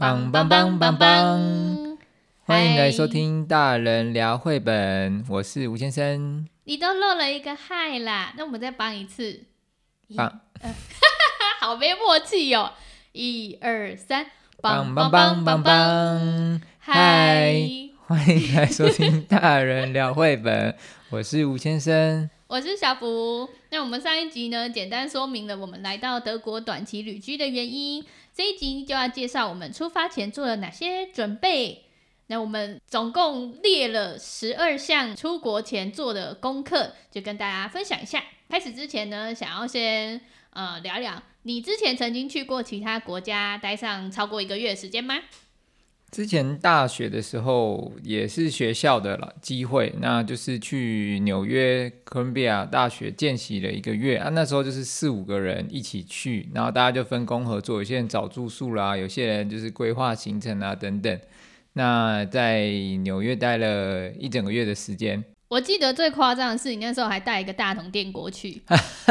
幫幫幫幫幫！歡迎來收聽《大人聊繪本》Hi，我是吳先生。你都漏了一個嗨啦，那我們再幫一次。幫、啊，呃、 好沒默契喲、哦！一二三，幫幫幫幫幫！嗨，歡迎來收聽《大人聊繪本》， 我是吳先生，我是小福。那我們上一集呢，簡單說明了我們來到德國短期旅居的原因。這一集就要介紹我們出發前做了哪些準備。那我們總共列了十二項出國前做的功課，就跟大家分享一下。開始之前呢，想要先呃聊一聊，你之前曾經去過其他國家待上超過一個月的時間嗎？之前大學的時候也是學校的了機會，那就是去紐約哥倫比亞大學見習了一個月啊。那時候就是四五個人一起去，然後大家就分工合作，有些人找住宿啦，有些人就是規劃行程啊等等。那在紐約待了一整個月的時間。我記得最誇張的是，你那時候還帶一個大同電鍋去。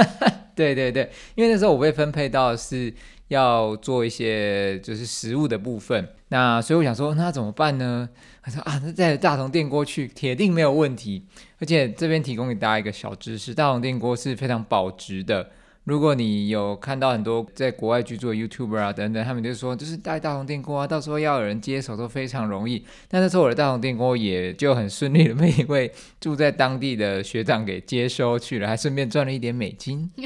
對對對，因為那時候我被分配到是要做一些就是食物的部分，那所以我想說，那怎麼辦呢？他說啊，那帶大同電鍋去，鐵定沒有問題。而且這邊提供給大家一個小知識，大同電鍋是非常保值的。如果你有看到很多在國外居住的 YouTuber 啊等等，他們就說就是帶大紅電鍋啊，到時候要有人接手都非常容易。但那時候我的大紅電鍋也就很順利的被一位住在當地的學長給接收去了，還順便賺了一點美金。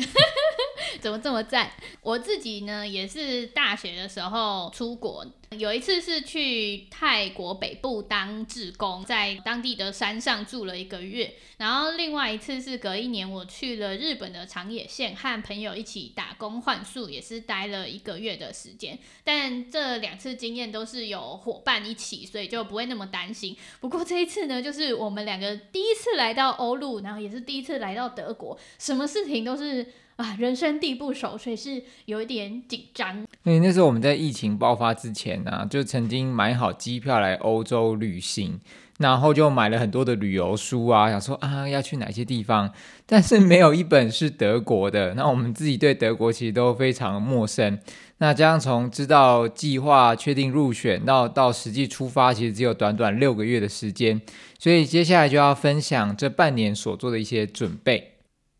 怎麼這麼讚？我自己呢，也是大學的時候出國，有一次是去泰國北部當志工，在當地的山上住了一個月。然後另外一次是隔一年，我去了日本的長野縣，和朋友一起打工換宿，也是待了一個月的時間。但這兩次經驗都是有夥伴一起，所以就不會那麼擔心。不過這一次呢，就是我們兩個第一次來到歐陸，然後也是第一次來到德國，什麼事情都是。啊，人生地不熟，所以是有一點緊張。哎，那時候我們在疫情爆發之前呢、啊，就曾經買好機票來歐洲旅行，然後就買了很多的旅遊書啊，想說啊要去哪些地方，但是沒有一本是德國的。 那我們自己對德國其實都非常陌生。那這樣從知道計劃、確定入選到到實際出發，其實只有短短六個月的時間。所以接下來就要分享這半年所做的一些準備。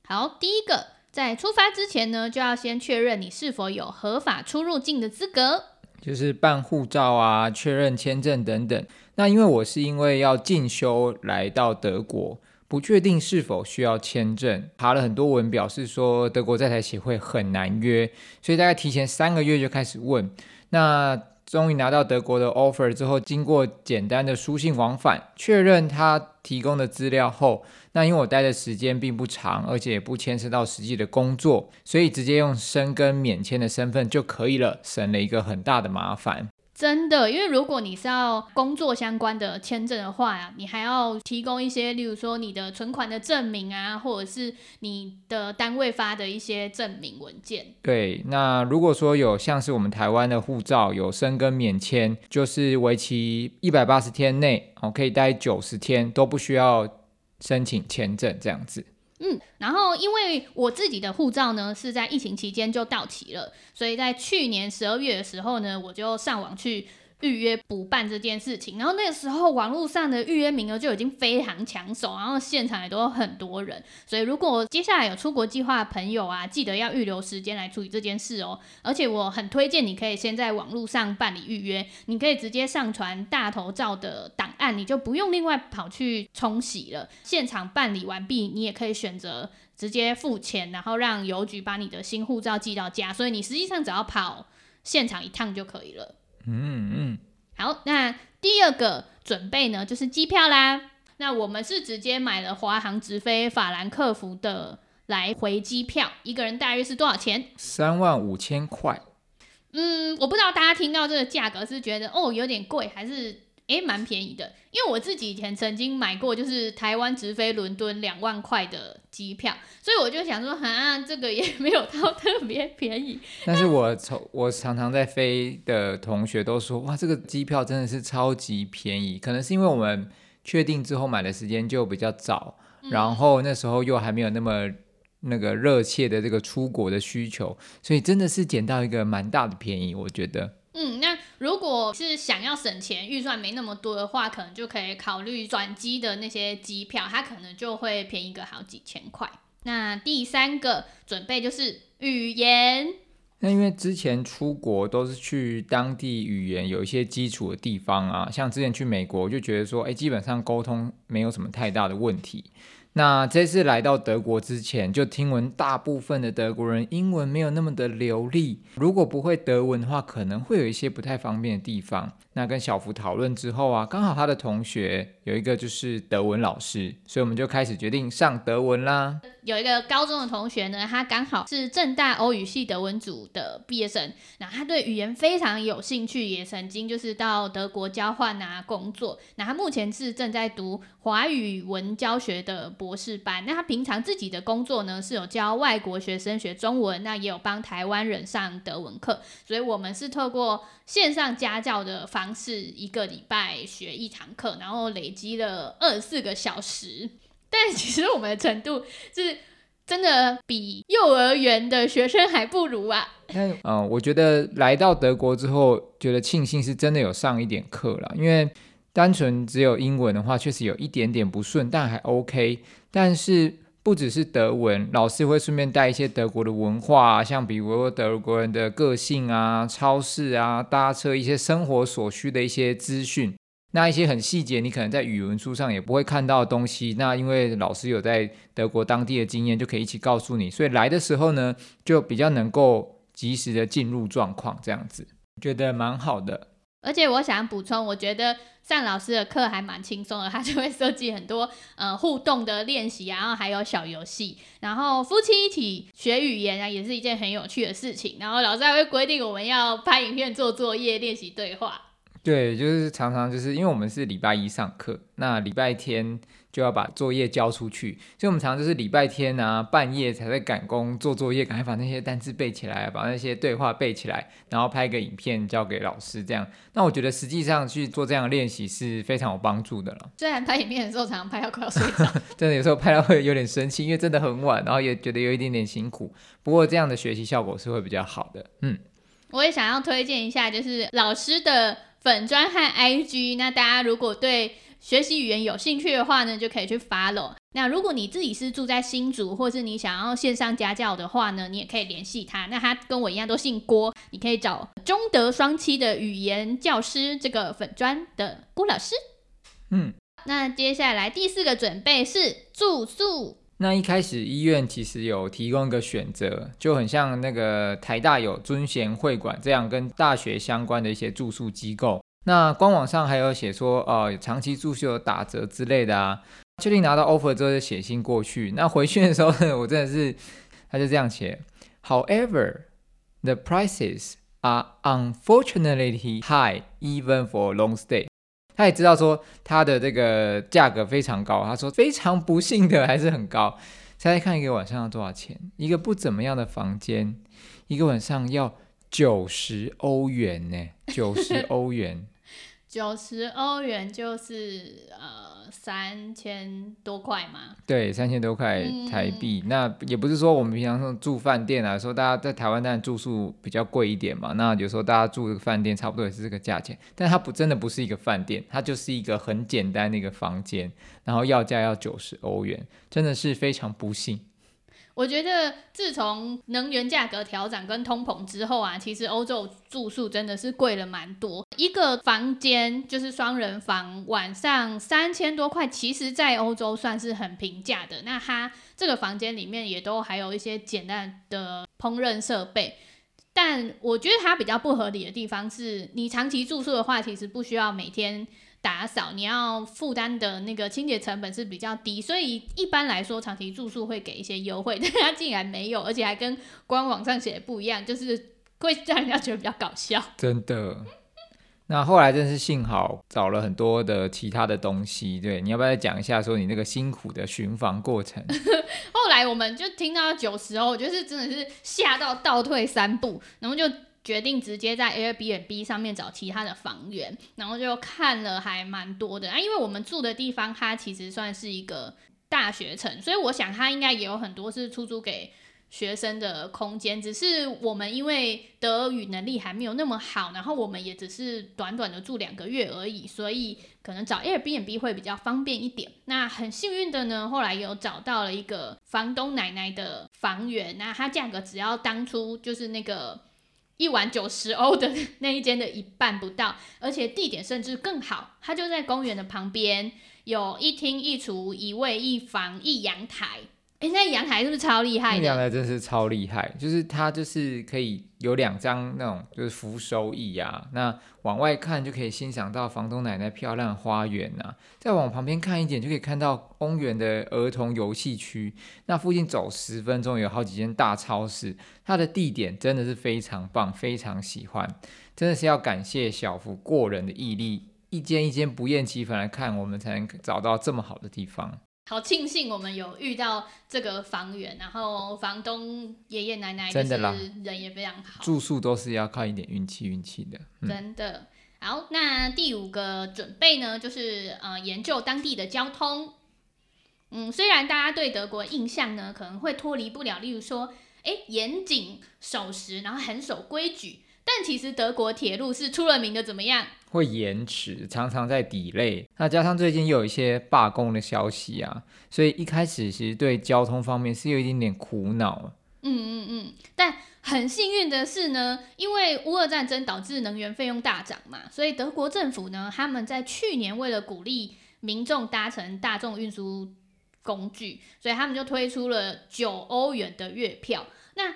好，第一個。在出發之前呢，就要先確認你是否有合法出入境的資格，就是辦護照啊、確認簽證等等。那因為我是因為要進修來到德國，不確定是否需要簽證，爬了很多文，表示說德國在台協會很難約，所以大概提前三個月就開始問。那終於拿到德國的 offer 之後，經過簡單的書信往返，確認他提供的資料後。那因為我待的時間並不長，而且也不牽涉到實際的工作，所以直接用申根免簽的身份就可以了，省了一個很大的麻煩。真的，因為如果你是要工作相關的簽證的話呀、啊，你還要提供一些，例如說你的存款的證明啊，或者是你的單位發的一些證明文件。對，那如果說有像是我們台灣的護照有申根免簽，就是為期一百八十天內，我可以待九十天都不需要。申請簽證這樣子，嗯，然後因為我自己的護照呢，是在疫情期間就到期了，所以在去年十二月的時候呢，我就上網去預約補辦這件事情，然後那個時候網絡上的預約名額就已經非常搶手，然後現場也都有很多人，所以如果接下來有出國計劃的朋友啊，記得要預留時間來處理這件事哦。而且我很推薦你可以先在網絡上辦理預約，你可以直接上傳大頭照的檔案，你就不用另外跑去沖洗了。現場辦理完畢，你也可以選擇直接付錢，然後讓郵局把你的新護照寄到家，所以你實際上只要跑現場一趟就可以了。嗯嗯，嗯好，那第二個準備呢，就是機票啦。那我們是直接買了華航直飛法蘭克福的來回機票，一個人大約是多少錢？三萬五千塊。嗯，我不知道大家聽到這個價格是覺得哦，有點貴，還是？誒，蠻便宜的，因為我自己以前曾經買過，就是台灣直飛倫敦兩萬塊的機票，所以我就想說，好像、啊、這個也沒有到特別便宜。但是我從我常常在飛的同學都說，哇，這個機票真的是超級便宜。可能是因為我們確定之後買的時間就比較早，嗯、然後那時候又還沒有那麼那個熱切的這個出國的需求，所以真的是撿到一個蠻大的便宜，我覺得。嗯，那。如果是想要省錢，預算沒那麼多的話，可能就可以考慮轉機的那些機票，它可能就會便宜個好幾千塊。那第三個準備就是語言，那因為之前出國都是去當地語言有一些基礎的地方啊，像之前去美國，我就覺得說，誒、欸，基本上溝通沒有什麼太大的問題。那這次來到德國之前，就聽聞大部分的德國人英文沒有那麼的流利，如果不會德文的話，可能會有一些不太方便的地方。那跟小福討論之後啊，剛好他的同學有一個就是德文老師，所以我們就開始決定上德文啦。有一個高中的同學呢，他剛好是正大歐語系德文組的畢業生，那他對語言非常有興趣，也曾經就是到德國交換啊工作。那他目前是正在讀華語文教學的博士班。那他平常自己的工作呢，是有教外國學生學中文，那也有幫台灣人上德文課。所以我們是透過線上家教的法。嘗試一個禮拜學一堂課，然後累積了二十四個小時，但其實我們的程度是真的比幼兒園的學生還不如啊！但嗯、呃，我覺得來到德國之後，覺得慶幸是真的有上一點課了，因為單純只有英文的話，確實有一點點不順，但還 OK。但是不只是德文，老師會順便帶一些德國的文化啊，像比如說德國人的個性啊、超市啊、搭車一些生活所需的一些資訊，那一些很細節，你可能在語文書上也不會看到的東西，那因為老師有在德國當地的經驗，就可以一起告訴你，所以來的時候呢，就比較能夠及時的進入狀況，這樣子，覺得蠻好的。而且我想補充，我覺得上老師的課還蠻輕鬆的，他就會設計很多呃互動的練習，然後還有小遊戲，然後夫妻一起學語言啊，也是一件很有趣的事情。然後老師還會規定我們要拍影片做作業練習對話。對，就是常常就是因為我們是禮拜一上課，那禮拜天。就要把作業交出去，所以我們常常就是禮拜天啊，半夜才在趕工做作業，趕快把那些單字背起來，把那些對話背起來，然後拍個影片交給老師。這樣，那我覺得實際上去做這樣的練習是非常有幫助的了。雖然拍影片的時候常常拍到快要睡着， 真的有時候拍到會有點生氣，因為真的很晚，然後也覺得有一點點辛苦。不過這樣的學習效果是會比較好的。嗯，我也想要推薦一下，就是老師的粉專和 IG，那大家如果對。學習語言有興趣的話呢，就可以去 follow。那如果你自己是住在新竹，或是你想要線上家教的話呢，你也可以聯繫他。那他跟我一樣都姓郭，你可以找中德雙棲的語言教師這個粉專的郭老師。嗯，那接下來第四個準備是住宿。那一開始醫院其實有提供一個選擇，就很像那個台大有尊賢會館這樣跟大學相關的一些住宿機構。那官網上還有寫說，呃，長期住宿有打折之類的啊。確定拿到 offer 之後就寫信過去。那回去的時候呢，我真的是，他就這樣寫：However, the prices are unfortunately high even for long stay。他也知道說他的這個價格非常高，他說非常不幸的還是很高。猜猜看一個晚上要多少錢？一個不怎麼樣的房間，一個晚上要九十歐元呢、欸，九十歐元。 九十歐元就是呃，三千多塊嘛，對，三千多塊台幣。嗯、那也不是說我們平常住飯店啊，說大家在台灣當然住宿比較貴一點嘛。那有時候大家住一個飯店，差不多也是這個價錢，但它不真的不是一個飯店，它就是一個很簡單的一個房間，然後要價要九十歐元，真的是非常不幸。我覺得自從能源價格調整跟通膨之後啊，其實歐洲住宿真的是貴了蠻多。一個房間就是雙人房，晚上三千多塊，其實在歐洲算是很平價的。那它這個房間裡面也都還有一些簡單的烹飪設備，但我覺得它比較不合理的地方是你長期住宿的話，其實不需要每天。打掃，你要負擔的那個清潔成本是比較低，所以一般來說長期住宿會給一些優惠，但他竟然沒有，而且還跟官網上寫的不一樣，就是會讓人家覺得比較搞笑。真的， 那後來真的是幸好找了很多的其他的東西。對，你要不要再講一下說你那個辛苦的尋房過程？ 後來我們就聽到九十，我覺得是真的是嚇到倒退三步，然後就。決定直接在 Airbnb 上面找其他的房源，然後就看了還蠻多的那、啊、因為我們住的地方它其實算是一個大學城，所以我想它應該也有很多是出租給學生的空間。只是我們因為德語能力還沒有那麼好，然後我們也只是短短的住兩個月而已，所以可能找 Airbnb 會比較方便一點。那很幸運的呢，後來有找到了一個房東奶奶的房源，那它價格只要當初就是那個。一晚九十歐的那一間的一半不到，而且地點甚至更好，它就在公園的旁邊，有一廳一廚一衛一房一陽台。哎，那陽台是不是超厲害？那陽台真是超厲害，就是它就是可以有兩張那種就是扶手椅啊，那往外看就可以欣賞到房東奶奶漂亮的花園啊，再往旁邊看一點就可以看到公園的兒童遊戲區。那附近走十分鐘有好幾間大超市，它的地點真的是非常棒，非常喜歡，真的是要感謝小福過人的毅力，一間一間不厭其煩來看，我們才能找到這麼好的地方。好慶幸我們有遇到這個房源，然後房東爺爺奶奶真的是人也非常好。住宿都是要靠一點運氣，運氣的。嗯，真的。好，那第五個準備呢，就是呃研究當地的交通。嗯，雖然大家對德國印象呢可能會脫離不了，例如說，哎，欸，嚴謹守時，然後很守規矩。但其實德國鐵路是出了名的怎麼樣？會延遲，常常在 delay。那加上最近又有一些罷工的消息啊，所以一開始其實對交通方面是有一點點苦惱。嗯嗯嗯。但很幸運的是呢，因為烏俄戰爭導致能源費用大漲嘛，所以德國政府呢，他們在去年為了鼓勵民眾搭乘大眾運輸工具，所以他們就推出了九歐元的月票。那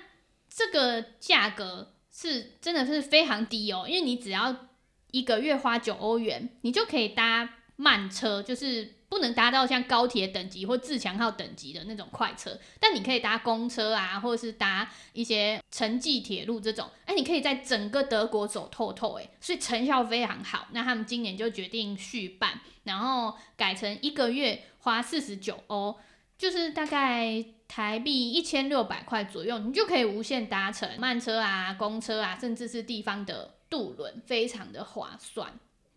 這個價格。是真的是非常低哦，因為你只要一個月花九歐元，你就可以搭慢車，就是不能搭到像高鐵等級或自強號等級的那種快車，但你可以搭公車啊，或者是搭一些城際鐵路這種，誒，你可以在整個德國走透透。誒，所以成效非常好。那他們今年就決定續辦，然後改成一個月花四十九歐，就是大概。台幣一千六百塊左右，你就可以無限搭乘慢車啊、公車啊，甚至是地方的渡輪，非常的划算。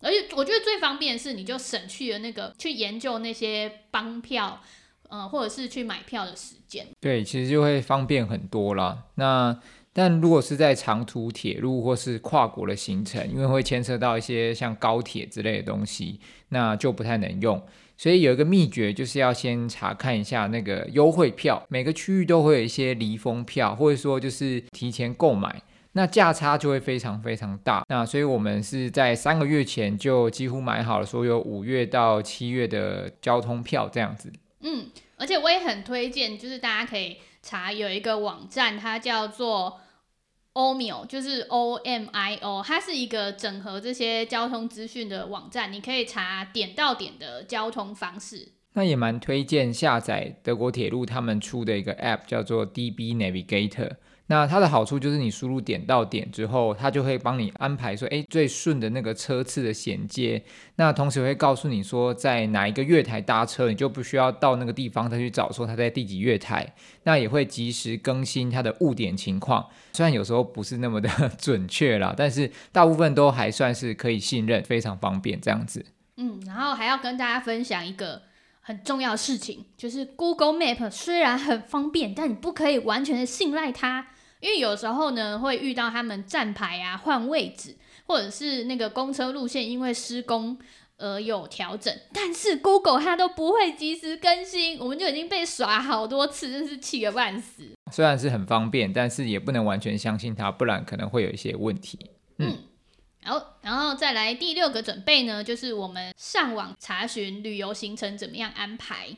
而且我覺得最方便的是，你就省去了那個去研究那些邦票，嗯、呃，或者是去買票的時間。對，其實就會方便很多了。那但如果是在長途鐵路或是跨國的行程，因為會牽扯到一些像高鐵之類的東西，那就不太能用。所以有一個秘訣，就是要先查看一下那個優惠票，每個區域都會有一些離峰票，或者說就是提前購買，那價差就會非常非常大。那所以我們是在三個月前就幾乎買好了所有五月到七月的交通票這樣子。嗯，而且我也很推薦，就是大家可以查有一個網站，它叫做 OmiO 就是 O M I O，它是一個整合這些交通資訊的網站，你可以查點到點的交通方式。那也蠻推薦下載德國鐵路他們出的一個 App，叫做 DB Navigator。那它的好處就是，你輸入點到點之後，它就會幫你安排說，哎、欸，最順的那個車次的銜接。那同時會告訴你說，在哪一個月台搭車，你就不需要到那個地方再去找說它在第幾月台。那也會及時更新它的誤點情況，雖然有時候不是那麼的準確啦，但是大部分都還算是可以信任，非常方便這樣子。嗯，然後還要跟大家分享一個很重要的事情，就是 Google Map 雖然很方便，但你不可以完全的信賴它。因為有時候呢，會遇到他們站牌啊換位置，或者是那個公車路線因為施工而有調整，但是 Google 它都不會及時更新，我們就已經被耍好多次，真是氣個半死。雖然是很方便，但是也不能完全相信它，不然可能會有一些問題。嗯，然後、嗯、然後再來第六個準備呢，就是我們上網查詢旅遊行程怎麼樣安排。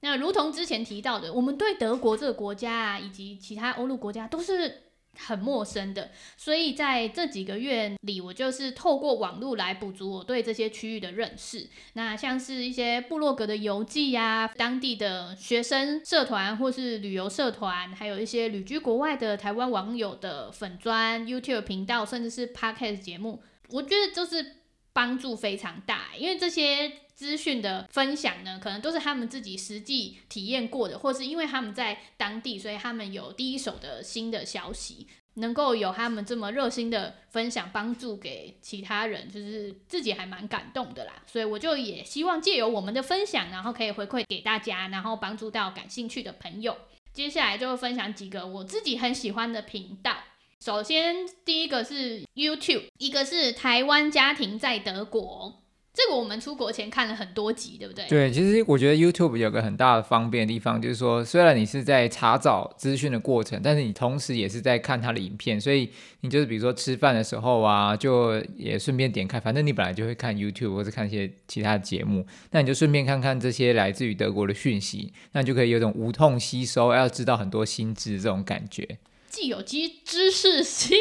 那如同之前提到的，我們對德國這個國家啊，以及其他歐陸國家都是很陌生的，所以在這幾個月裡，我就是透過網絡來補足我對這些區域的認識。那像是一些部落格的遊記啊，當地的學生社團或是旅遊社團，還有一些旅居國外的台灣網友的粉專、YouTube 頻道，甚至是 Podcast 節目，我覺得就是幫助非常大，因為這些資訊的分享呢，可能都是他們自己實際體驗過的，或是因為他們在當地，所以他們有第一手的新的消息，能夠有他們這麼熱心的分享幫助給其他人，就是自己還蠻感動的啦。所以我就也希望借由我們的分享，然後可以回饋給大家，然後幫助到感興趣的朋友。接下來就分享幾個我自己很喜歡的頻道。首先，第一個是 YouTube，一個是台灣家庭在德國。這個我們出國前看了很多集，對不對？對，其實我覺得 YouTube 有個很大的方便的地方，就是說，雖然你是在查找資訊的過程，但是你同時也是在看它的影片，所以你就是比如說吃飯的時候啊，就也順便點開，反正你本來就會看 YouTube 或是看一些其他的節目，那你就順便看看這些來自於德國的訊息，那你就可以有種無痛吸收，要知道很多新知這種感覺。既有機知識性，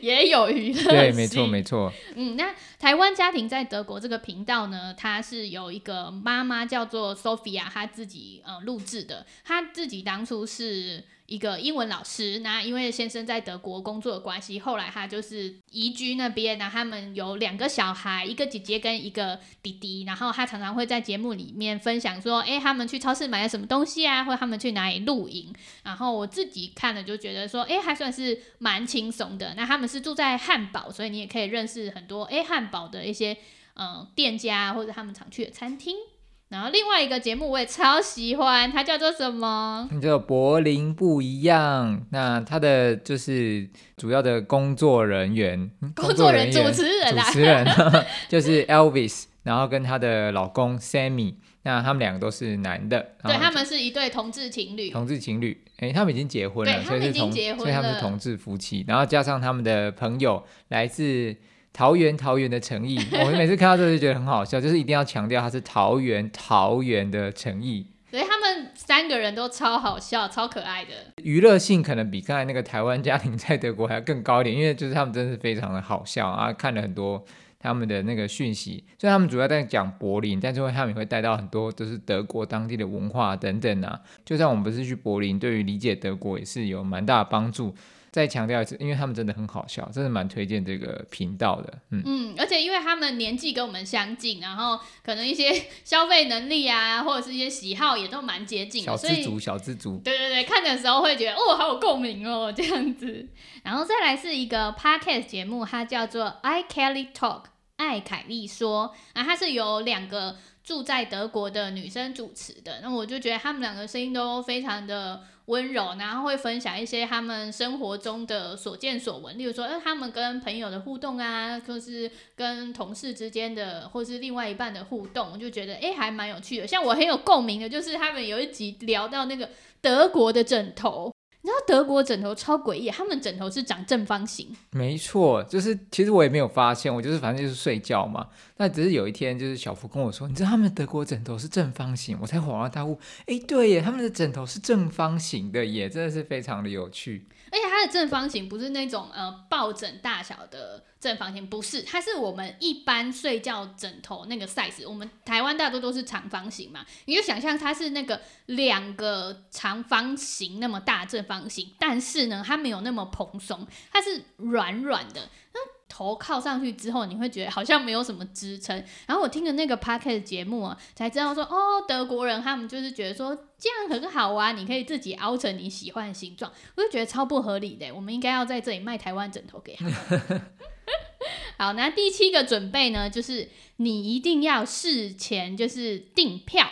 也有娛樂性。對，沒錯，沒錯。嗯，那台灣家庭在德國這個頻道呢，它是有一個媽媽叫做 Sophia，她自己呃錄製的，她自己當初是。一個英文老師，那因為先生在德國工作的關係，後來他就是移居那邊，那他們有兩個小孩，一個姐姐跟一個弟弟，然後他常常會在節目裡面分享說，誒，他們去超市買了什麼東西啊，或他們去哪裡露營，然後我自己看了就覺得說，誒，還算是蠻輕鬆的。那他們是住在漢堡，所以你也可以認識很多誒漢堡的一些嗯、呃、店家或者他們常去的餐廳。然後另外一個節目我也超喜歡，它叫做什麼？叫柏林不一樣。那它的就是主要的工作人員，工作人、工作人員、主持人，啊、主持人、主持人，就是 Elvis。然後跟他的老公 Sammy，那他們兩個都是男的。對，他們是一對同志情侶。同志情侶，哎，他們已經結婚了，所以，是同所以他們是同志夫妻。了然後加上他們的朋友，來自。桃園，桃園的誠意，哦，我們每次看到這都就覺得很好笑， 就是一定要強調它是桃園，桃園的誠意。所以他們三個人都超好笑，超可愛的。娛樂性可能比剛才那個台灣家庭在德國還要更高一點，因為就是他們真的是非常的好笑啊，看了很多他們的那個訊息。所以他們主要在講柏林，但最後他們也會帶到很多都是德國當地的文化等等啊。就算我們不是去柏林，對於理解德國也是有蠻大的幫助。再強調一次，因為他們真的很好笑，真的蠻推薦這個頻道的。嗯嗯，而且因為他們年紀跟我們相近，然後可能一些消費能力啊，或者是一些喜好也都蠻接近的，小資族，所以，小資族，對對對，看的時候會覺得哦，好有共鳴哦，這樣子。然後再來是一個 podcast 節目，它叫做 I Kelly Talk，愛凱莉說啊，它是由兩個住在德國的女生主持的。那我就覺得他們兩個聲音都非常的。溫柔，然後會分享一些他們生活中的所見所聞，例如說，他們跟朋友的互動啊，或、就是跟同事之間的，或是另外一半的互動，我就覺得哎、欸，還蠻有趣的。像我很有共鳴的，就是他們有一集聊到那個德國的枕頭，你知道德國枕頭超詭異，他們枕頭是長正方形。沒錯，就是其實我也沒有發現，我就是反正就是睡覺嘛。那只是有一天，就是小福跟我說，你知道他們德國枕頭是正方形，我才恍然大悟。哎、欸，對耶，他們的枕頭是正方形的耶，真的是非常的有趣。而且它的正方形不是那種呃抱枕大小的正方形，不是，它是我們一般睡覺枕頭那個 size。我們台灣大多都是長方形嘛，你就想象它是那個兩個長方形那麼大正方形，但是呢，它沒有那麼蓬鬆，它是軟軟的。嗯頭靠上去之後，你會覺得好像沒有什麼支撐。然後我聽了那個 podcast 節目啊，才知道說，哦，德國人他們就是覺得說這樣很好啊，你可以自己凹成你喜歡的形狀。我就覺得超不合理的，我們應該要在這裡賣台灣枕頭給他們。 好，那第七個準備呢，就是你一定要事前就是訂票。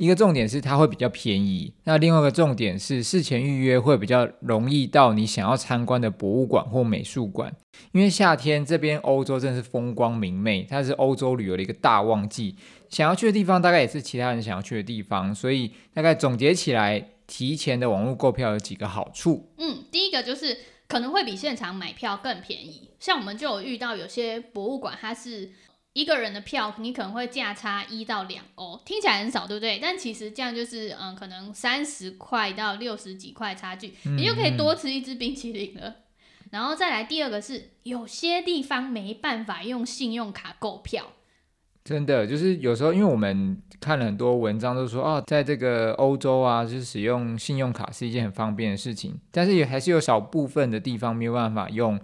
一個重點是，它會比較便宜，那另外一個重點是，事前預約會比較容易到你想要參觀的博物館或美術館，因為夏天這邊歐洲真是風光明媚，它是歐洲旅遊的一個大旺季，想要去的地方大概也是其他人想要去的地方，所以大概總結起來，提前的網絡購票有幾個好處。嗯，第一個就是可能會比現場買票更便宜，像我們就有遇到有些博物館它是。一個人的票，你可能會價差一到兩歐，聽起來很少，對不對？但其實這樣就是，嗯，可能三十塊到六十幾塊差距，你、嗯嗯、就可以多吃一支冰淇淋了。然後再來第二個是，有些地方沒辦法用信用卡購票。真的，就是有時候因為我們看了很多文章，都說啊、哦，在這個歐洲啊，就是使用信用卡是一件很方便的事情，但是也還是有小部分的地方沒有辦法用。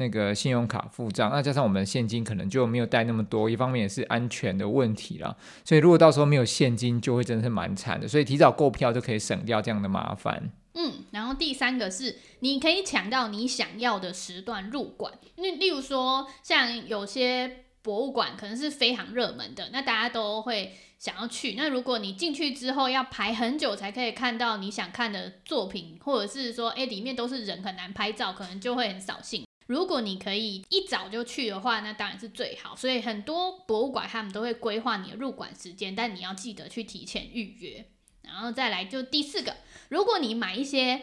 那個信用卡付賬，那加上我們現金可能就沒有帶那麼多，一方面也是安全的問題啦。所以如果到時候沒有現金，就會真的是蠻慘的。所以提早購票就可以省掉這樣的麻煩。嗯，然後第三個是你可以搶到你想要的時段入館。那例如說，像有些博物館可能是非常熱門的，那大家都會想要去。那如果你進去之後要排很久才可以看到你想看的作品，或者是說，哎、欸，裡面都是人，很難拍照，可能就會很掃興。如果你可以一早就去的話，那當然是最好。所以很多博物館他們都會規劃你的入館時間，但你要記得去提前預約。然後再來就第四個，如果你買一些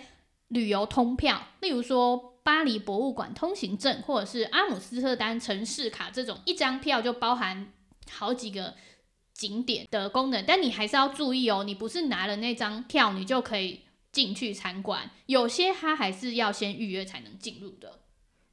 旅遊通票，例如說巴黎博物館通行證，或者是阿姆斯特丹城市卡這種，一張票就包含好幾個景點的功能。但你還是要注意哦，你不是拿了那張票，你就可以進去參觀。有些它還是要先預約才能進入的。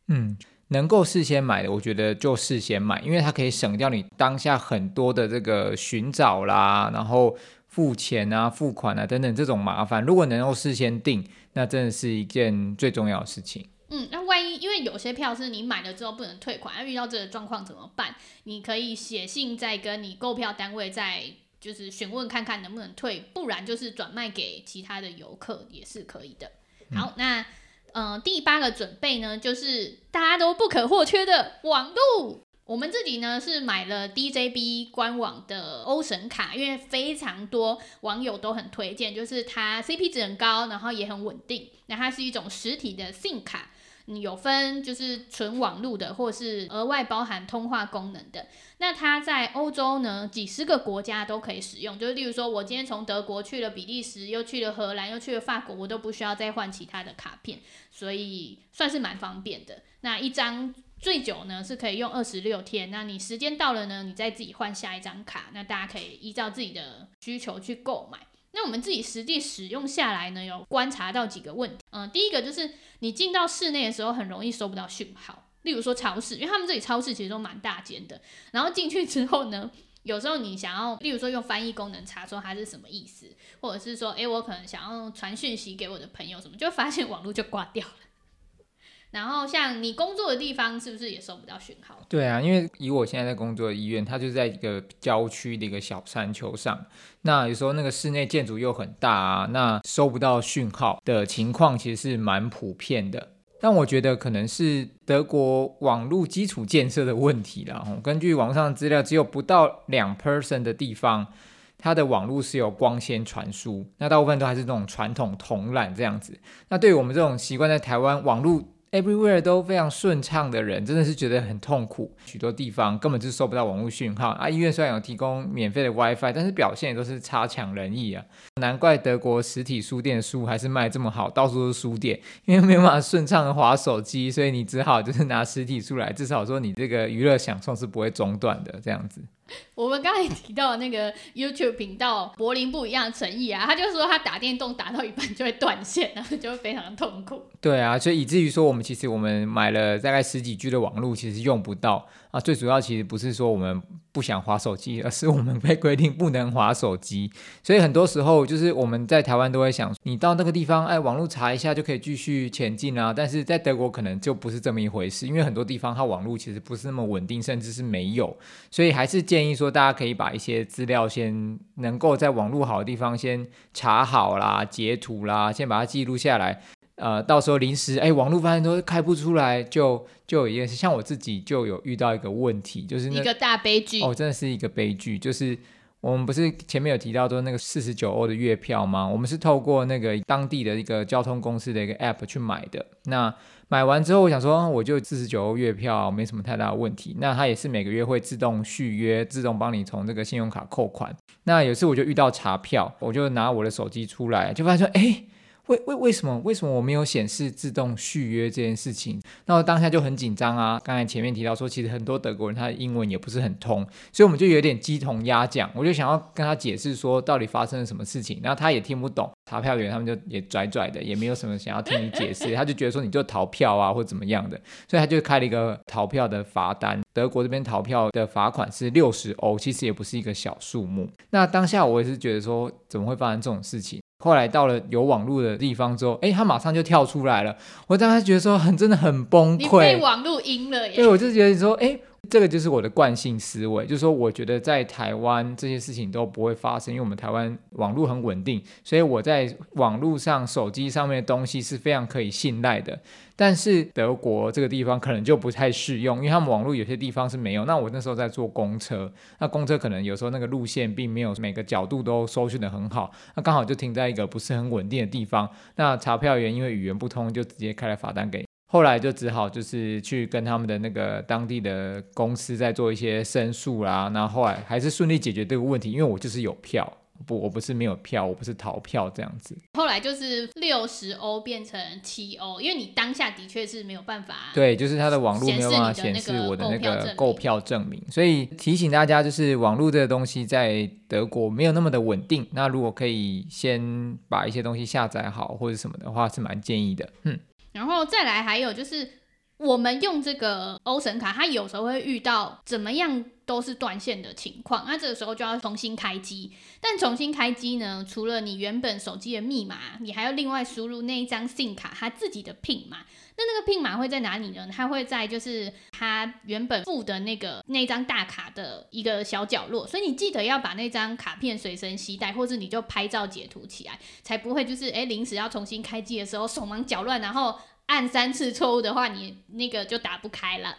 嗯，能夠事先買的，我覺得就事先買，因為它可以省掉你當下很多的這個尋找啦，然後付錢啊、付款啊等等這種麻煩。如果能夠事先訂，那真的是一件最重要的事情。嗯，那萬一因為有些票是你買了之後不能退款，要遇到這個狀況怎麼辦？你可以寫信再跟你購票單位再就是詢問看看能不能退，不然就是轉賣給其他的遊客也是可以的。好，嗯、那。嗯，第八個準備呢，就是大家都不可或缺的網路。我們自己呢是買了 DJB 官網的歐神卡，因為非常多網友都很推薦，就是它 CP 值很高，然後也很穩定。那它是一種實體的 SIM 卡。嗯，有分就是純網路的，或是額外包含通話功能的。那它在歐洲呢，幾十個國家都可以使用。就是例如說，我今天從德國去了比利時，又去了荷蘭，又去了法國，我都不需要再換其他的卡片，所以算是蠻方便的。那一張最久呢是可以用二十六天。那你時間到了呢，你再自己換下一張卡。那大家可以依照自己的需求去購買。那我們自己實際使用下來呢，有觀察到幾個問題。嗯、呃，第一個就是你進到室內的時候，很容易收不到訊號。例如說超市，因為他們這裡超市其實都蠻大間的，然後進去之後呢，有時候你想要，例如說用翻譯功能查說它是什麼意思，或者是說，誒，我可能想要傳訊息給我的朋友什麼，就發現網絡就掛掉了。然後像你工作的地方，是不是也收不到訊號？對啊，因為以我現在在工作的醫院，它就在一個郊區的一個小山丘上。那有時候那個室內建築又很大啊，那收不到訊號的情況其實是蠻普遍的。但我覺得可能是德國網絡基礎建設的問題啦。根據網上資料，只有不到兩 percent 的地方，它的網絡是有光纖傳輸，那大部分都還是這種傳統銅纜這樣子。那對於我們這種習慣在台灣網絡，Everywhere 都非常順暢的人，真的是覺得很痛苦。許多地方根本就收不到網絡訊號啊！醫院雖然有提供免費的 WiFi，但是表現也都是差強人意啊！難怪德國實體書店的書還是賣這麼好，到處都是書店，因為沒有辦法順暢的滑手機，所以你只好就是拿實體出來，至少說你這個娛樂享受是不會中斷的這樣子。我們剛才提到的那個 YouTube 頻道柏林不一樣的誠意啊，他就是說他打電動打到一半就會斷線，然後就會非常的痛苦。對啊，所以以至於說，我們其實我們買了大概十幾 G 的網絡，其實用不到啊。最主要其實不是說我們。不想滑手機，而是我們被規定不能滑手機，所以很多時候就是我們在台灣都會想說，你到那個地方，哎，網絡查一下就可以繼續前進啊。但是在德國可能就不是這麼一回事，因為很多地方它網絡其實不是那麼穩定，甚至是沒有，所以還是建議說，大家可以把一些資料先能夠在網絡好的地方先查好啦，截圖啦，先把它記錄下來。呃，到時候臨時哎、欸，網絡發現都開不出來就，就就有一件事。像我自己就有遇到一個問題，就是那個大悲劇。哦，真的是一個悲劇，就是我們不是前面有提到說那個四十九歐的月票嗎？我們是透過那個當地的一個交通公司的一個 App 去買的。那買完之後，我想說我就四十九歐月票沒什麼太大的問題。那它也是每個月會自動續約，自動幫你從這個信用卡扣款。那有次我就遇到查票，我就拿我的手機出來，就發現說，哎、欸。為為為什麼為什麼我沒有顯示自動續約這件事情？那我當下就很緊張啊！剛才前面提到說，其實很多德國人他的英文也不是很通，所以我們就有點雞同鴨講。我就想要跟他解釋說，到底發生了什麼事情，然後他也聽不懂。查票員他們就也拽拽的，也沒有什麼想要聽你解釋，他就覺得說你就逃票啊， 或怎麼樣的，所以他就開了一個逃票的罰單。德國這邊逃票的罰款是六十歐，其實也不是一個小數目。那當下我也是覺得說，怎麼會發生這種事情？後來到了有網絡的地方之後，哎、欸，他馬上就跳出來了。我當時覺得說，很，真的很崩潰。你被網絡贏了耶！對，我就覺得說，哎、欸。這個就是我的慣性思維，就是說，我覺得在台灣這些事情都不會發生，因為我們台灣網絡很穩定，所以我在網絡上、手機上面的東西是非常可以信賴的。但是德國這個地方可能就不太適用，因為他們網絡有些地方是沒有。那我那時候在坐公車，那公車可能有時候那個路線並沒有每個角度都搜尋得很好，那剛好就停在一個不是很穩定的地方。那查票員因為語言不通，就直接開了罰單給你。後來就只好就是去跟他們的那個當地的公司在做一些申訴啦。然後後來還是順利解決這個問題，因為我就是有票，不我不是沒有票，我不是逃票這樣子。後來就是六十歐變成七歐，因為你當下的確是沒有辦法。對，就是他的網絡沒有辦法顯示我的那個購票證明，證明所以提醒大家就是網絡這個東西在德國沒有那麼的穩定。那如果可以先把一些東西下載好或者什麼的話，是蠻建議的。嗯。然後再來，還有就是。我們用這個歐神卡，它有時候會遇到怎麼樣都是斷線的情況，那、啊、這個時候就要重新開機。但重新開機呢，除了你原本手機的密碼，你還要另外輸入那一張 SIM 卡它自己的 PIN 碼。那那個 PIN 碼會在哪裡呢？它會在就是它原本附的那個那張大卡的一個小角落。所以你記得要把那張卡片隨身攜帶，或者你就拍照截圖起來，才不會就是哎、欸、臨時要重新開機的時候手忙腳亂，然後。按三次錯誤的話，你那個就打不開了。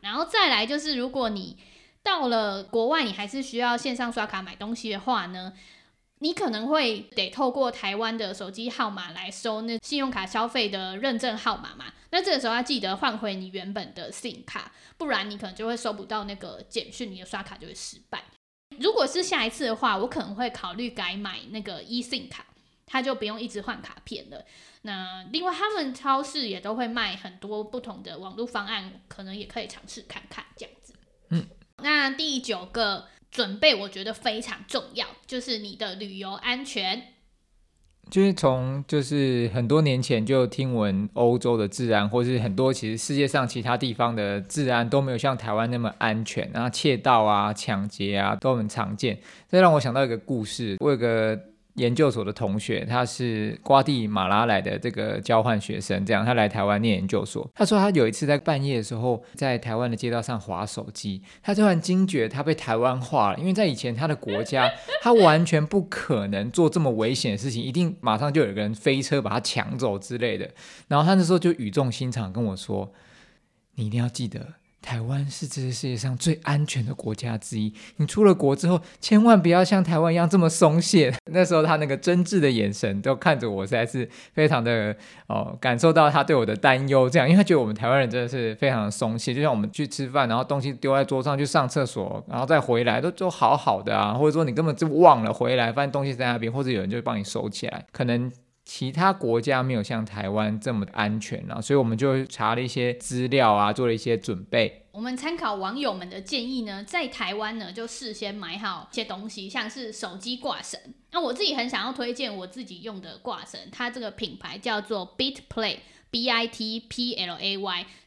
然後再來就是，如果你到了國外，你還是需要線上刷卡買東西的話呢，你可能會得透過台灣的手機號碼來收那信用卡消費的認證號碼嘛。那這個時候要記得換回你原本的 SIM 卡，不然你可能就會收不到那個簡訊，你的刷卡就會失敗。如果是下一次的話，我可能會考慮改買那個 eSIM 卡，它就不用一直換卡片了。那另外，他們超市也都會賣很多不同的網絡方案，可能也可以嘗試看看這樣子。嗯，那第九個準備，我覺得非常重要，就是你的旅遊安全。就是從就是很多年前就聽聞歐洲的治安，或是很多其實世界上其他地方的治安都沒有像台灣那麼安全，然後竊盜啊、搶劫啊都很常見。這讓我想到一個故事，我有個研究所的同學，他是瓜地馬拉來的這個交換學生，這樣他來台灣念研究所。他說他有一次在半夜的時候，在台灣的街道上滑手機，他突然驚覺他被台灣化了，因為在以前他的國家，他完全不可能做這麼危險的事情，一定馬上就有個人飛車把他搶走之類的。然後他那時候就語重心長跟我說：“你一定要記得。”台灣是這個世界上最安全的國家之一。你出了國之後，千萬不要像台灣一樣這麼鬆懈。那時候他那個真摯的眼神都看着我，實在是非常的哦，感受到他對我的擔憂。這樣，因為他覺得我們台灣人真的是非常的鬆懈。就像我們去吃飯，然後東西丟在桌上去上廁所，然後再回來都都好好的啊，或者說你根本就忘了回來，發現東西在那邊，或者有人就會幫你收起來，可能。其他國家沒有像台灣這麼安全啊，所以我們就查了一些資料啊，做了一些準備。我們參考網友們的建議呢，在台灣呢就事先買好一些東西，像是手機掛繩。那我自己很想要推薦我自己用的掛繩，它這個品牌叫做 Bit Play，B-I-T-P-L-A-Y，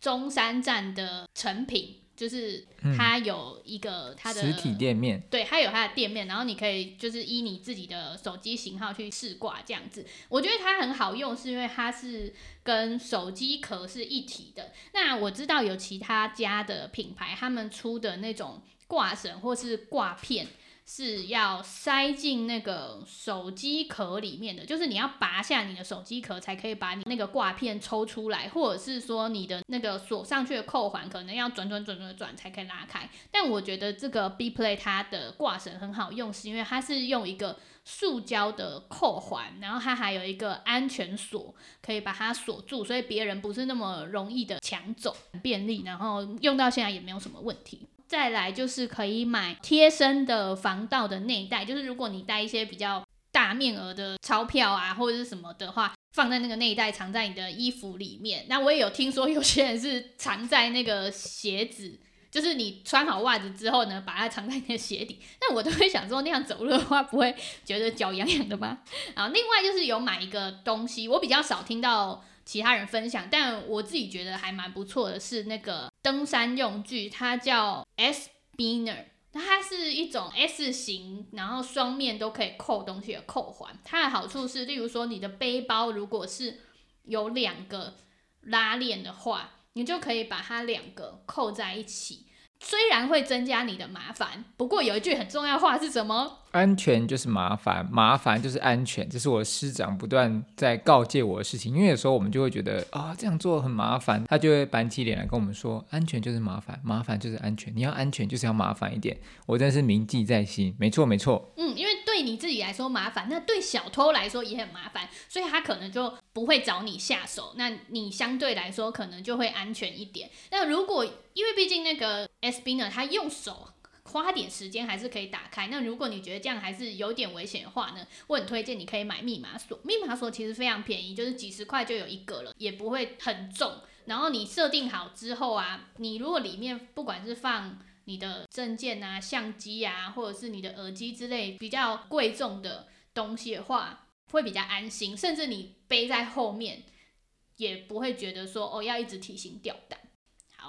中山站的成品。就是它有一個它的、嗯、實體店面，對，它有它的店面，然後你可以就是依你自己的手機型號去試掛這樣子。我覺得它很好用，是因為它是跟手機殼是一體的。那我知道有其他家的品牌，他們出的那種掛繩或是掛片。是要塞進那個手機殼裡面的，就是你要拔下你的手機殼，才可以把你那個掛片抽出來，或者是說你的那個鎖上去的扣環，可能要轉轉轉轉轉轉轉才可以拉開。但我覺得這個 B Play 它的掛繩很好用，是因為它是用一個塑膠的扣環，然後它還有一個安全鎖，可以把它鎖住，所以別人不是那麼容易的搶走，很便利，然後用到現在也沒有什麼問題。再來就是可以買貼身的防盜的內袋，就是如果你帶一些比較大面額的鈔票啊，或者是什麼的話，放在那個內袋，藏在你的衣服裡面。那我也有聽說有些人是藏在那個鞋子，就是你穿好襪子之後呢，把它藏在你的鞋底。那我都會想說，那樣走路的話不會覺得腳癢癢的嗎？然後另外就是有買一個東西，我比較少聽到其他人分享，但我自己覺得還蠻不錯的，是那個。登山用具，它叫 S-biner，它是一種 S 型，然後雙面都可以扣東西的扣環。它的好處是，例如說你的背包如果是有兩個拉鏈的話，你就可以把它兩個扣在一起，雖然會增加你的麻煩，不過有一句很重要話是什麼？安全就是麻煩，麻煩就是安全，這是我的師長不斷在告誡我的事情。因為有時候我們就會覺得啊、哦、這樣做很麻煩，他就會板起臉來跟我們說：安全就是麻煩，麻煩就是安全。你要安全就是要麻煩一點，我真的是銘記在心。沒錯沒錯，嗯，因為對你自己來說麻煩，那對小偷來說也很麻煩，所以他可能就不會找你下手，那你相對來說可能就會安全一點。那如果因為畢竟那個 S B 呢，他用手，花點時間還是可以打開。那如果你覺得這樣還是有點危險的話呢，我很推薦你可以買密碼鎖。密碼鎖其實非常便宜，就是幾十塊就有一個了，也不會很重。然後你設定好之後啊，你如果裡面不管是放你的證件啊、相機啊，或者是你的耳機之類比較貴重的東西的話，會比較安心。甚至你背在後面，也不會覺得說哦，要一直提心吊膽。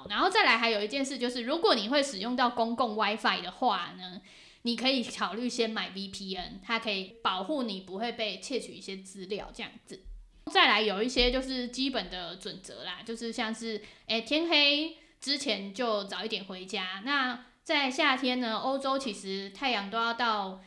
然後再來還有一件事就是，如果你會使用到公共 WiFi 的話呢，你可以考慮先買 VPN，它可以保護你不會被竊取一些資料這樣子。再來有一些就是基本的準則啦，就是像是，欸，天黑之前就早一點回家。那在夏天呢，歐洲其實太陽都要到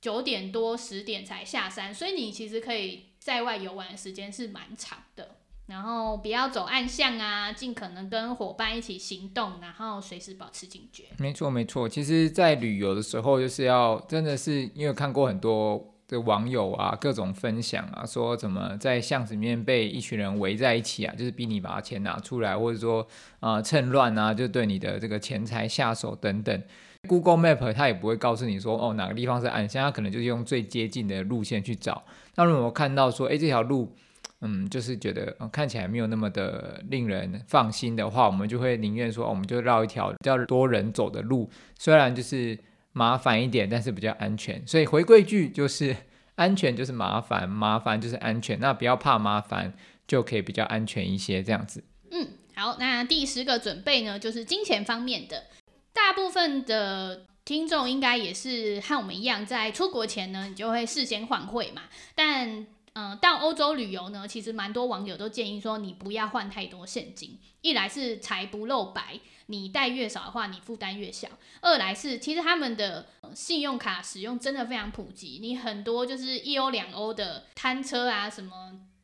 九點多十點才下山，所以你其實可以在外遊玩的時間是蠻長的。然後不要走暗巷啊，盡可能跟夥伴一起行動，然後隨時保持警覺。沒錯沒錯，其實，在旅遊的時候，就是要真的是因為看過很多的網友啊，各種分享啊，說怎麼在巷子裡面被一群人圍在一起啊，就是逼你把錢拿出來，或者說啊、呃、趁亂啊，就對你的這個錢財下手等等。Google Map 它也不會告訴你說哦哪個地方是暗巷，它可能就是用最接近的路線去找。那如果我看到說哎這條路。嗯，就是覺得、哦、看起來沒有那麼的令人放心的話，我們就會寧願說、哦，我們就繞一條比較多人走的路，雖然就是麻煩一點，但是比較安全。所以回歸句就是安全就是麻煩，麻煩就是安全。那不要怕麻煩，就可以比較安全一些這樣子。嗯，好，那第十個準備呢，就是金錢方面的。大部分的聽眾應該也是和我們一樣，在出國前呢，你就會事先換匯嘛，但。嗯，到歐洲旅遊呢，其實蠻多網友都建議說，你不要換太多現金。一來是財不露白，你帶越少的話，你負擔越小；二來是其實他們的、呃、信用卡使用真的非常普及，你很多就是一歐兩歐的攤車啊、什麼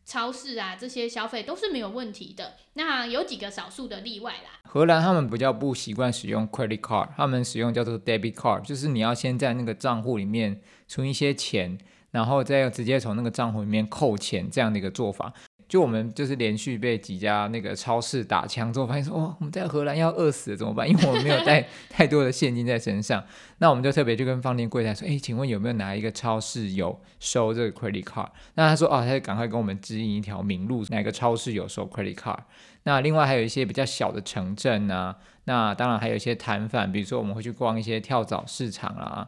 超市啊這些消費都是沒有問題的。那有幾個少數的例外啦，荷蘭他們比較不習慣使用 credit card，他們使用叫做 debit card，就是你要先在那個賬戶裡面存一些錢。然後再要直接從那個賬戶裡面扣錢，這樣的一個做法，就我們就是連續被幾家那個超市打槍之後，發現說，哦，我們在荷蘭要餓死了，怎麼辦？因為我們沒有帶太多的現金在身上， 那我們就特別就跟飯店櫃台說，哎，請問有沒有哪一個超市有收這個 credit card？那他說，哦，他就趕快跟我們指引一條明路，哪個超市有收 credit card。那另外還有一些比較小的城鎮啊，那當然還有一些攤販，比如說我們會去逛一些跳蚤市場啊。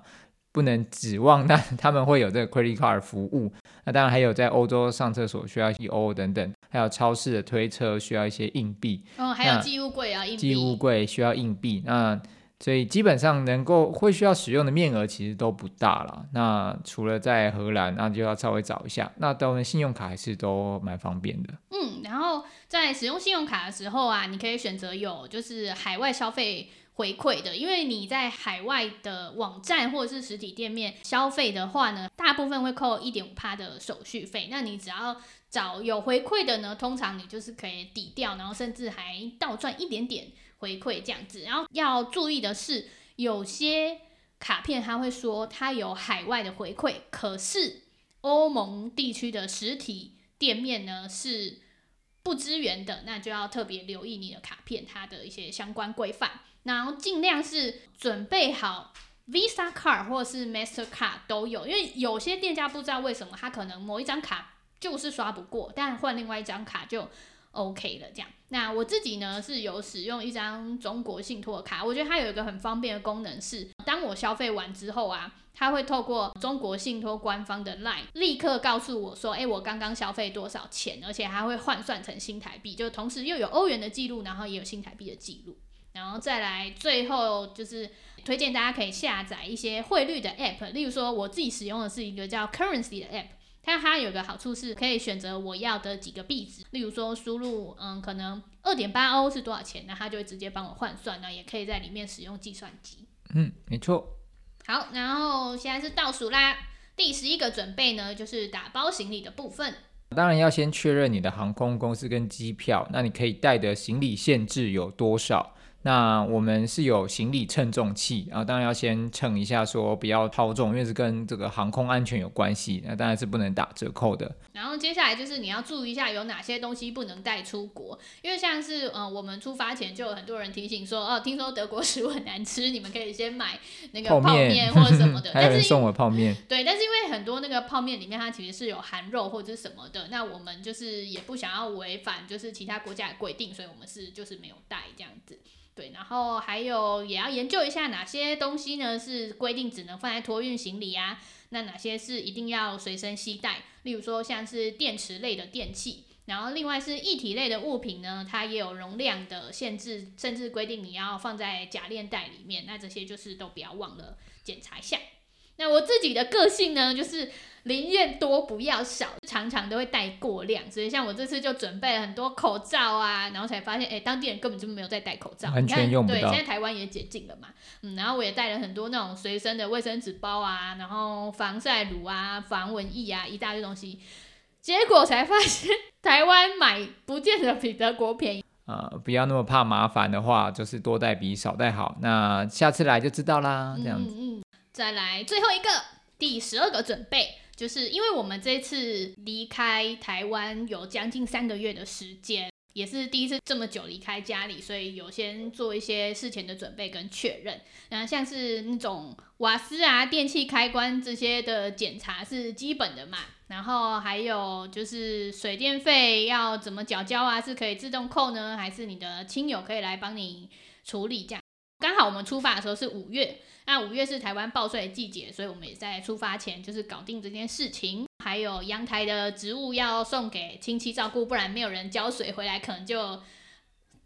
不能指望那他們會有這個 credit card 服務，那當然還有在歐洲上廁所需要一歐等等，還有超市的推車需要一些硬幣，哦、嗯，那還有寄物櫃啊，寄物櫃需要硬幣，那所以基本上能夠會需要使用的面額其實都不大了，那除了在荷蘭，那就要稍微找一下，那當然信用卡還是都蠻方便的。嗯，然後在使用信用卡的時候啊，你可以選擇有就是海外消費。回饋的，因為你在海外的網站或者是實體店面消費的話呢，大部分會扣一點五趴的手續費。那你只要找有回饋的呢，通常你就是可以抵掉，然後甚至還倒賺一點點回饋這樣子。然後要注意的是，有些卡片它會說它有海外的回饋，可是歐盟地區的實體店面呢是不支援的，那就要特別留意你的卡片它的一些相關規範。然後盡量是準備好 Visa Card 或者是 Master Card 都有，因為有些店家不知道為什麼，他可能某一張卡就是刷不過，但換另外一張卡就 OK 了。這樣，那我自己呢，是有使用一張中國信託的卡，我覺得它有一個很方便的功能是，當我消費完之後啊，它會透過中國信託官方的 LINE 立刻告訴我說，誒，我剛剛消費多少錢，而且還會換算成新台幣，就同時又有歐元的記錄，然後也有新台幣的記錄。然後再來，最後就是推薦大家可以下載一些匯率的 App，例如說我自己使用的是一個叫 Currency 的 App，它它有個好處是可以選擇我要的幾個幣值，例如說輸入嗯可能二點八歐是多少錢，那它就會直接幫我換算，那也可以在裡面使用計算機。嗯，沒錯。好，然後現在是倒數啦，第十一個準備呢就是打包行李的部分。當然要先確認你的航空公司跟機票，那你可以帶的行李限制有多少？那我們是有行李稱重器，啊，當然要先稱一下，說不要超重，因為是跟這個航空安全有關係，那當然是不能打折扣的。然後接下來就是你要注意一下有哪些東西不能帶出國，因為像是呃，我們出發前就有很多人提醒說，哦，聽說德國食物很難吃，你們可以先買那個泡麵或者什麼的。泡面 還有人送我泡麵。對，但是因為很多那個泡麵裡面它其實是有含肉或者什麼的，那我們就是也不想要違反就是其他國家的規定，所以我們是就是沒有帶這樣子。對，然後還有也要研究一下哪些東西呢是規定只能放在托運行李啊，那哪些是一定要隨身攜帶？例如說像是電池類的電器，然後另外是液體類的物品呢，它也有容量的限制，甚至規定你要放在夾鏈袋裡面。那這些就是都不要忘了檢查一下。那我自己的個性呢，就是寧願多不要少，常常都會帶過量。所以像我這次就準備了很多口罩啊，然後才發現，哎、欸，當地人根本就沒有在戴口罩，完全用不到。你看，對，現在台灣也解禁了嘛，嗯，然後我也帶了很多那種隨身的衛生紙包啊，然後防曬乳啊、防蚊液啊，一大堆東西。結果才發現，台灣買不見得比德國便宜。呃，不要那麼怕麻煩的話，就是多帶比少帶好。那下次來就知道啦，這樣子。嗯嗯嗯再來最後一個，第十二個準備，就是因為我們這次離開台灣有將近三個月的時間，也是第一次這麼久離開家裡，所以有先做一些事前的準備跟確認。然後像是那種瓦斯啊、電器開關這些的檢查是基本的嘛，然後還有就是水電費要怎麼繳交啊，是可以自動扣呢，還是你的親友可以來幫你處理這樣？我們出發的時候是五月，那五月是台灣報稅的季節，所以我們也在出發前就是搞定這件事情。還有陽台的植物要送給親戚照顧，不然沒有人澆水，回來可能就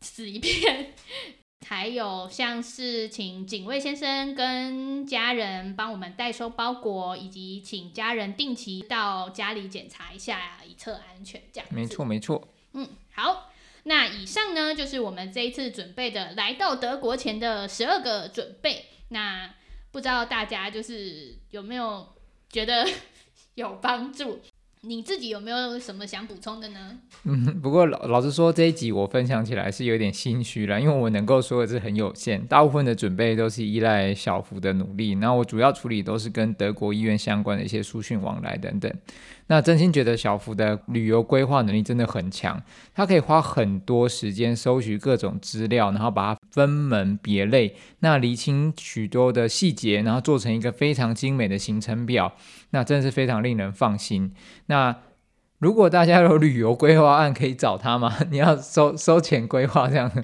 死一片。還有像是請警衛先生跟家人幫我們代收包裹，以及請家人定期到家裡檢查一下呀，以策安全這樣。沒錯，沒錯。嗯，好。那以上呢，就是我們這一次準備的來到德國前的十二個準備。那不知道大家就是有沒有覺得 有幫助？你自己有沒有什麼想補充的呢？嗯，不過老老實說，這一集我分享起來是有點心虛了，因為我能夠說的是很有限，大部分的準備都是依賴小福的努力，那我主要處理都是跟德國醫院相關的一些書信往來等等。那真心覺得小福的旅遊規劃能力真的很強，他可以花很多時間蒐集各種資料，然後把它分門別類，那釐清許多的細節，然後做成一個非常精美的行程表，那真的是非常令人放心。那如果大家有旅遊規劃案，可以找他嗎？你要收收錢規劃這樣子？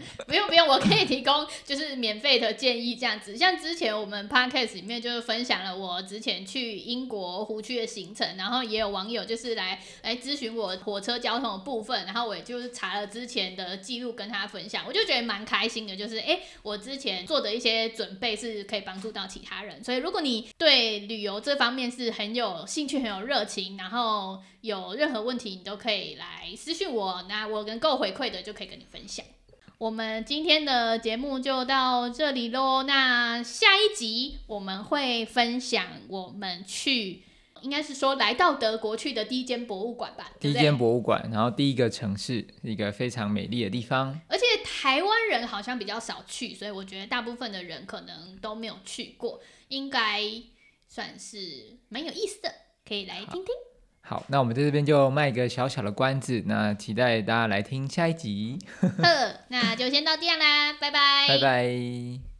我可以提供就是免費的建議這樣子，像之前我們 podcast 裡面就是分享了我之前去英國湖區的行程，然後也有網友就是來來諮詢我火車交通的部分，然後我也就是查了之前的記錄跟他分享，我就覺得蠻開心的，就是誒、欸，我之前做的一些準備是可以幫助到其他人，所以如果你對旅遊這方面是很有興趣、很有熱情，然後有任何問題你都可以來私訊我，那我能夠回饋的就可以跟你分享。我們今天的節目就到這裡嘍。那下一集我們會分享我們去，應該是說來到德國去的第一間博物館吧。對對，第一間博物館，然後第一個城市，一個非常美麗的地方。而且台灣人好像比較少去，所以我覺得大部分的人可能都沒有去過，應該算是蠻有意思的，可以來聽聽。好，那我們在這邊就賣一個小小的關子，那期待大家來聽下一集。 呵，那就先到這樣啦， 拜拜。拜拜。